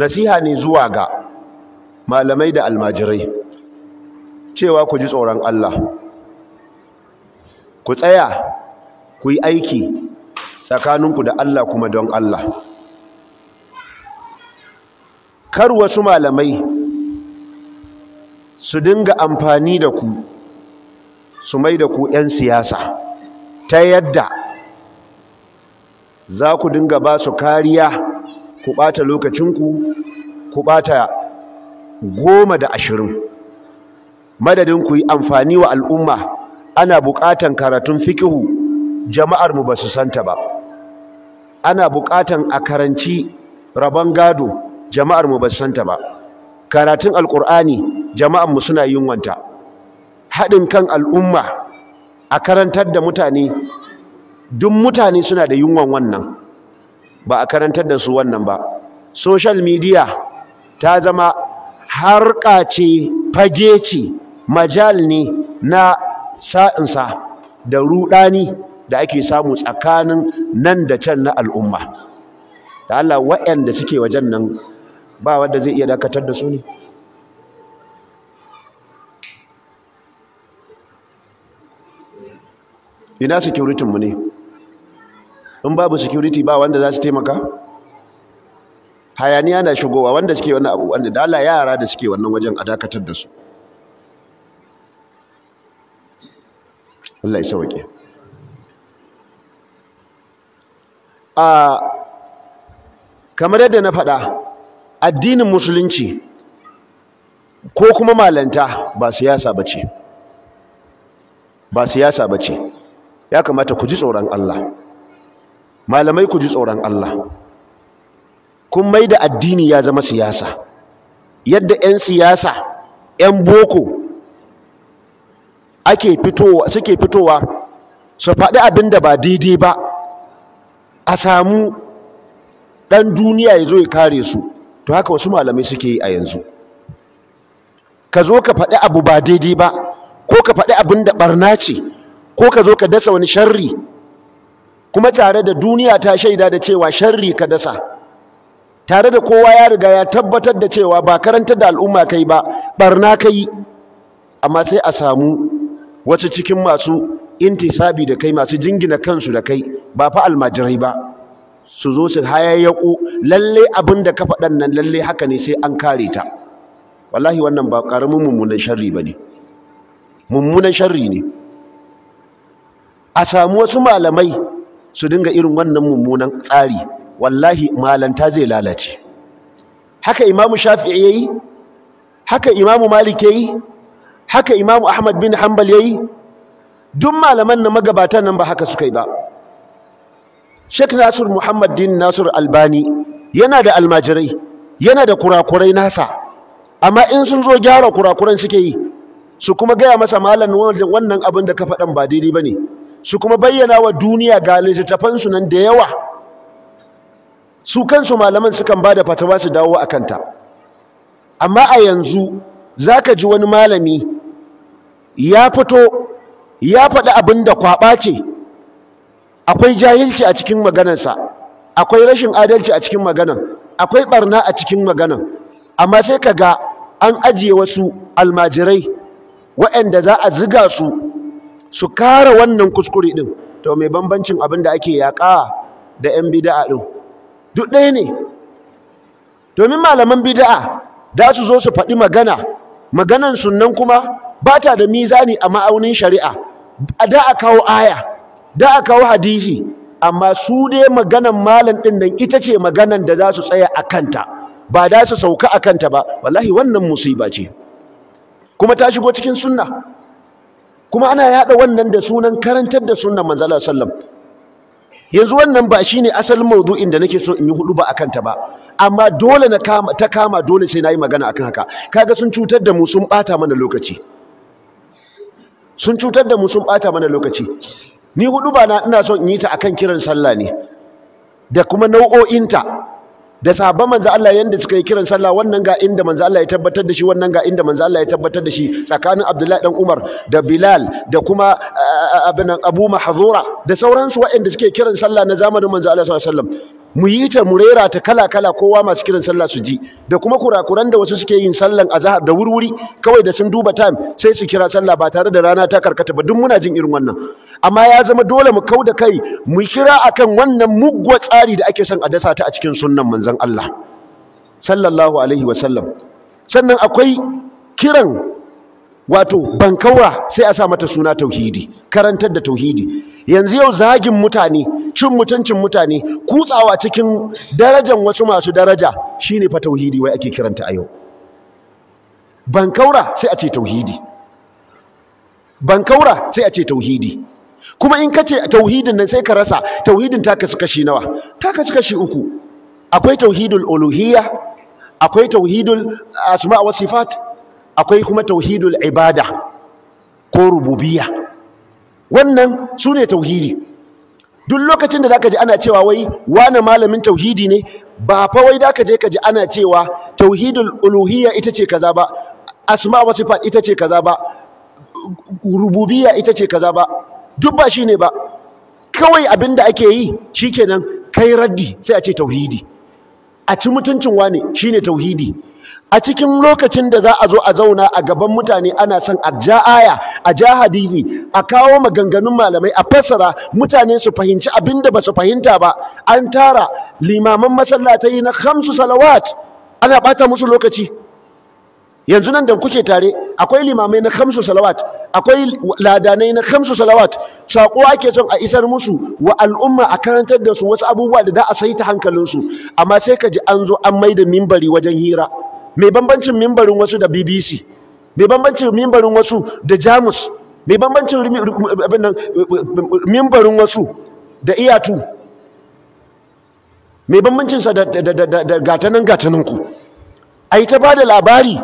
nasiha ne zuwa ga malamai da almajirai cewa ku ji tsoron Allah ku tsaya ku yi aiki tsakaninku da Allah kuma don Allah kar wasu malamai su dinga amfani da ku su mai da ku 'yan siyasa ta yadda za ku dinga ba su kariya ku ɓata lokacinku ku ɓata goma da ashirin madadin ku yi amfani wa al'umma ana buƙatan karatun fikihu jama'armu mu ba su santa ba ana buƙatan a karanci rabon gado jama'armu mu ba su santa ba karatun alƙur'ani jama'armu suna yin wanta haɗin kan al'umma a karantar da mutane duk mutane suna da yunwan wannan ba a karantar da su wannan ba social media ta zama harka ce fage ce majal ne na sa'insa da rudani da ake samu tsakanin nan da can na al'umma da Allah waɗanda suke wajen nan ba wanda zai iya dakatar da su ne ina security mu ne in babu security ba wanda za su taimaka hayaniya na shigowa wanda suke wannan abu wanda dala yara da suke wannan wajen a dakatar da su Allah ya sauke a kamar yadda na faɗa addinin musulunci ko kuma malanta ba siyasa ba siyasa bace ya kamata ku ji tsoron Allah malamai ku ji tsoron Allah kun mai da addini ya zama siyasa yadda 'yan siyasa 'yan boko ake fitowa suke fitowa su faɗi abin da ba daidai ba a samu ɗan duniya ya zo ya kare su to haka wasu malamai suke yi a yanzu ka zo ka faɗi abu ba daidai ba ko ka faɗi abin da ɓarna ce ko ka zo ka dasa wani sharri kuma tare da duniya ta shaida da cewa sharri ka dasa tare da kowa ya riga ya tabbatar da cewa ba karanta da al'umma kai ba barna kai amma sai a samu wasu cikin masu intisabi da kai masu jingina kansu da kai ba fa almajirai ba su zo su hayayyaku lalle abin da ka faɗan nan lalle haka ne sai an kare ta wallahi wannan ba ƙaramin mummunan sharri ba ne mummunan sharri ne a samu wasu malamai su dinga irin wannan mummunan tsari wallahi malanta zai lalace haka imamu shafi'i yayi haka imamu malik yayi haka imamu ahmad bin hanbal yayi duk malaman na magabatan nan ba haka suka yi ba Sheikh Nasir Muhammad din Nasir Albani yana da almajirai yana da kurakurai nasa amma in sun zo gyara kurakuran suke yi su kuma gaya masa malam wannan abin da ka faɗan ba daidai ba ne su kuma bayyana wa duniya ga littattafansu nan da yawa su kansu malaman sukan ba da fatawa su dawo a kanta amma a yanzu za ka ji wani malami ya fito ya faɗi abin da kwaɓa ce akwai jahilci a cikin maganarsa akwai rashin adalci a cikin maganar akwai ɓarna a cikin maganar amma sai ka ga an ajiye wasu almajirai waɗanda za a ziga su su kara wannan kuskure din to mai bambancin abin da ake yaƙa da 'yan bida'a ɗin. duk ɗaya ne domin malaman bida'a da su zo su faɗi magana maganan sunan kuma ba ta da mizani a ma'aunin shari'a A da a kawo aya da a kawo hadisi amma su dai maganan malam ɗin nan ita ce maganan da za su tsaya a kanta ba da su sauka a kanta ba wallahi wannan musiba ce kuma ta shigo cikin sunna kuma ana yaɗa wannan da sunan karantar da sunan manzala sallam yanzu wannan ba shine asalin maudu'in da nake so in yi hudu ba a kanta ba amma dole na kama ta kama dole sai na yi magana akan haka kaga sun cutar da mu sun bata mana lokaci sun cutar da mu sun bata mana lokaci ni hudu ba na ina so in yi ta akan kiran sallah ne da kuma nau'o'inta da sahabban manzo Allah yanda suka yi kiran sallah wannan ga inda manzo Allah ya tabbatar da shi wannan ga inda manzo Allah ya tabbatar da shi tsakanin Abdullahi dan Umar da Bilal da kuma abin Abu Mahzura da sauransu waɗanda suke kiran sallah na zamanin manzo Allah sallallahu alaihi wasallam mu yi ta mu rera ta kala kala kowa masu kiran sallah su ji da kuma kurakuran da wasu suke yin sallan azhar da wurwuri kawai da sun duba time sai su kira sallah ba tare da rana ta karkata ba duk muna jin irin wannan amma ya zama dole mu kau da kai mu kira akan wannan mugwa tsari da ake son a dasa ta a cikin sunnan manzon Allah sallallahu alaihi wa sallam sannan akwai kiran wato bankaura sai a sa mata suna tauhidi karantar da tauhidi yanzu yau zagin mutane cin mutuncin mutane kutsawa cikin darajan wasu masu daraja shine fa tauhidi wai ake kiranta a yau Ban kaura sai a ce tauhidi kaura sai a ce tauhidi kuma in ka ce tauhidin nan sai ka rasa tauhidin ta kasu kashi nawa ta kasu kashi uku akwai tauhidul uluhiyya akwai tauhidul asma wa sifat akwai kuma tauhidul ibada ko rububiya. wannan su ne tauhidi duk lokacin da zaka ji ana cewa wai wane malamin tauhidi ne ba fa wai zaka je ka ji ana cewa tauhidul uluhiyya ita ce kaza ba asma wa sifat ita ce kaza ba rububiyya ita ce kaza ba duk ba shine ba kawai abin da ake yi shi shikenan kai raddi sai a ce tauhidi a ci mutuncin wane shine tauhidi a cikin lokacin da za a zo a zauna a gaban mutane ana son a ja aya a ja hadisi a kawo maganganun malamai a fassara mutane su fahimci abin da ba su fahimta ba an tara limaman masallatai na khamsu salawat ana bata musu lokaci yanzu nan da kuke tare akwai limamai na khamsu salawat akwai ladanai na khamsu salawat sako ake son a isar musu wa al'umma a karantar da su wasu abubuwa da da a saita hankalinsu amma sai ka ji an zo an maida mimbari wajen hira mai bambancin mimbarin wasu da BBC mai bambancin mimbarin wasu da Jamus mai bambancin mimbarin wasu da iyatu mai bambancinsa da gatanan gataninku a yi ta ba da labari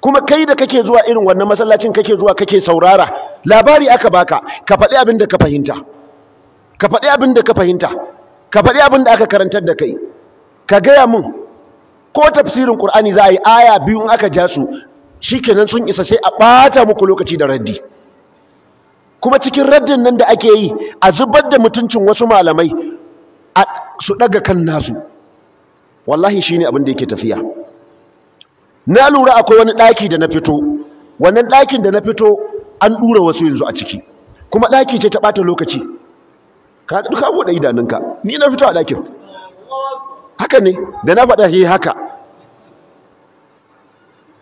kuma kai da kake zuwa irin wannan masallacin kake zuwa kake saurara labari aka baka ka faɗi abin da ka fahimta ka faɗi abin da ka fahimta ka faɗi abin da aka karantar da kai ka gaya mun ko tafsirin qur'ani za a yi aya biyu in aka ja su shikenan sun isa sai a bata muku lokaci da raddi kuma cikin raddin nan da ake yi a zubar da mutuncin wasu malamai su daga kan nasu wallahi shine abin da yake tafiya na lura akwai wani daki da na fito wannan dakin da na fito an dura wasu yanzu a ciki kuma daki ce ta bata lokaci ka duka bude idanunka ni na fito a dakin haka ne da na faɗa yi haka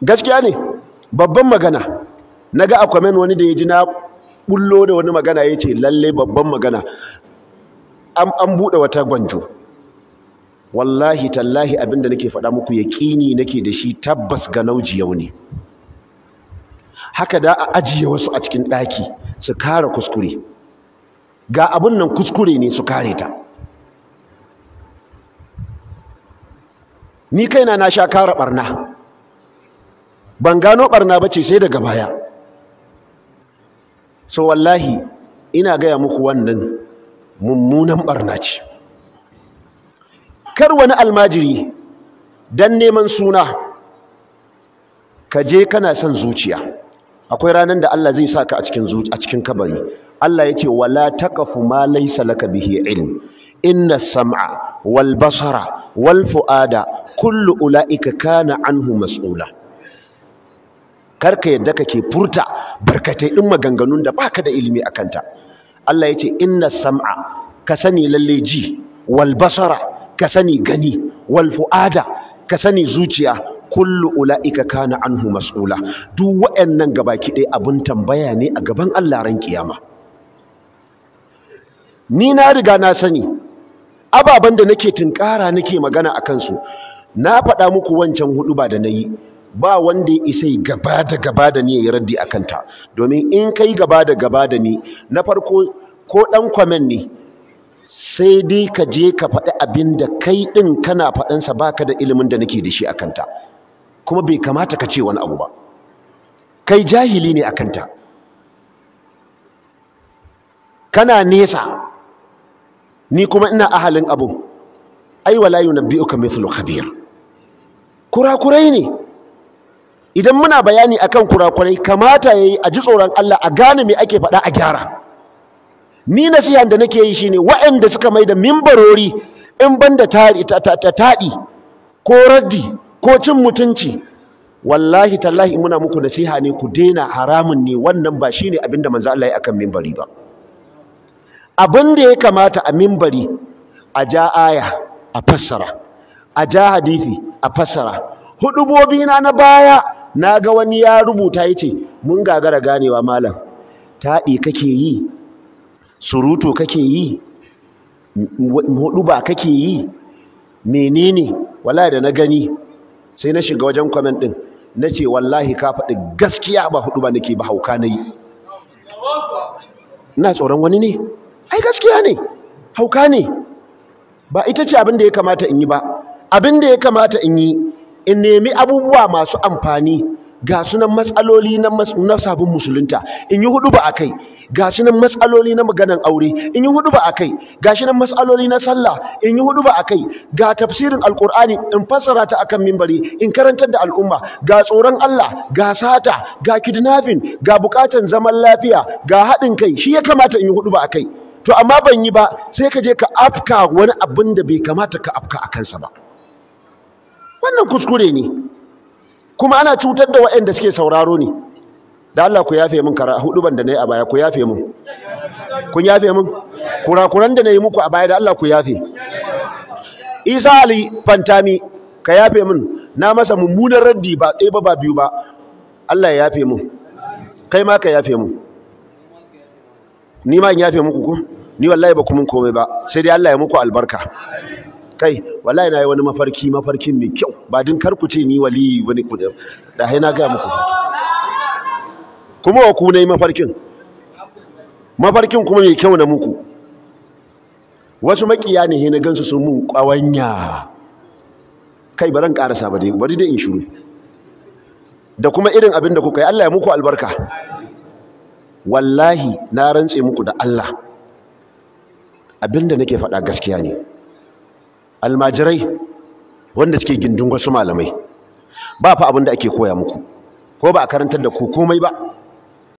gaskiya ne babban magana na ga akwamen wani da ya ji na bullo da wani magana ya ce lalle babban magana an buɗe wata gwanjo wallahi tallahi abinda nake faɗa muku yaƙini nake da shi tabbas ga yau ne haka da a ajiye wasu a cikin ɗaki su kare kuskure ga abin nan kuskure ne su kare ta ni kaina na sha kare ɓarna ban gano ɓarna ba ce sai daga baya so wallahi ina gaya muku wannan mummunan barna ce kar wani almajiri don neman suna ka je kana son zuciya akwai ranar da Allah zai sa ka a cikin kabari Allah ya yace wala taqafu ma laysa laka bihi ilm inna sam'a wal basara wal fuada kullu ulaika kana anhu mas'ula kar ka yadda kake furta barkatai ɗin maganganun da baka da ilimi akanta Allah ya ce inna sam'a ka sani lalle ji wal basara ka sani gani wal fuada ka sani zuciya kullu ula'ika kana anhu mas'ula duk nan gaba ɗaya abin tambaya ne a gaban Allah ran kiyama ni na riga na sani ababen da nake tunkara nake magana a kansu na faɗa muku wancan hudu ba da na yi ba wanda ya isa yi gaba da gaba da ni ya yi raddi a kanta domin in kai gaba da gaba da ni na farko ko ɗan kwamen ne sai dai ka je ka faɗi abin da kai ɗin kana faɗansa ba ka da ilimin da nake da shi a kanta kuma bai kamata ka ce wani abu ba kai jahili ne a kanta kana nesa ni kuma ina ahalin abu ai wala yunabbi'uka mithlu khabir kurakurai ne idan muna bayani akan kurakurai kamata ya yi a ji tsoron Allah a gane me ake faɗa a gyara ni nasihan da nake yi shi ne waɗanda suka mai da mimbarori in banda da taɗi ko raddi ko cin mutunci wallahi tallahi muna muku nasiha ne ku daina haramun ne wannan ba shine abin da manzo Allah ya akan mimbari ba abin da ya kamata a mimbari a ja aya a fassara a ja hadisi a fassara hudubobi na na baya na ga wani ya rubuta ya ce mun gagara ganewa malam taɗi kake yi surutu kake yi ba kake yi menene Wala da na gani sai na shiga wajen kwamen ɗin, na ce wallahi ka faɗi gaskiya ba ba nake ba hauka na yi ina tsoron wani ne ai gaskiya ne hauka ne ba ita ce abin da ya kamata in yi ba abin da ya kamata in yi in nemi abubuwa masu amfani ga sunan matsaloli na sabon musulunta in yi hudu ba a kai ga sunan matsaloli na maganan aure in yi hudu ba a kai ga sunan matsaloli na sallah in yi hudu ba a kai ga tafsirin alkur'ani in fassara ta akan mimbari in karantar da al'umma ga tsoron Allah ga sata ga kidnapping ga bukatan zaman lafiya ga haɗin kai shi ya kamata in yi hudu ba a kai to amma ban yi ba sai ka je ka afka wani abin da bai kamata ka afka a kansa ba wannan kuskure ne kuma ana cutar da waɗanda suke sauraro ne da Allah ku yafe min kara hudu ban da yi a baya ku yafe min kun yafe min kurakuran da yi muku a baya da Allah ku yafe Isa Ali Fantami ka yafe min na masa mummunan raddi ba ɗaya ba ba biyu ba Allah ya yafe min kai ma ka yafe min ni ma in yafe muku ko ni wallahi ba ku mun komai ba sai dai Allah ya muku albarka kai wallahi na yi wani mafarki mafarki mai kyau ba din kar ku ce ni wali wani ku da hai na ga muku kuma wa ku ne mafarkin mafarkin kuma mai kyau na muku wasu makiya ne he na gansu sun mun kwawanya kai baran karasa ba dai bari dai in shiru da kuma irin abin da kuka yi Allah ya muku albarka wallahi na rantse muku da Allah abinda nake faɗa gaskiya ne almajirai wanda suke gindin wasu malamai ba fa abin da ake koya muku ko ba a karantar da ku komai ba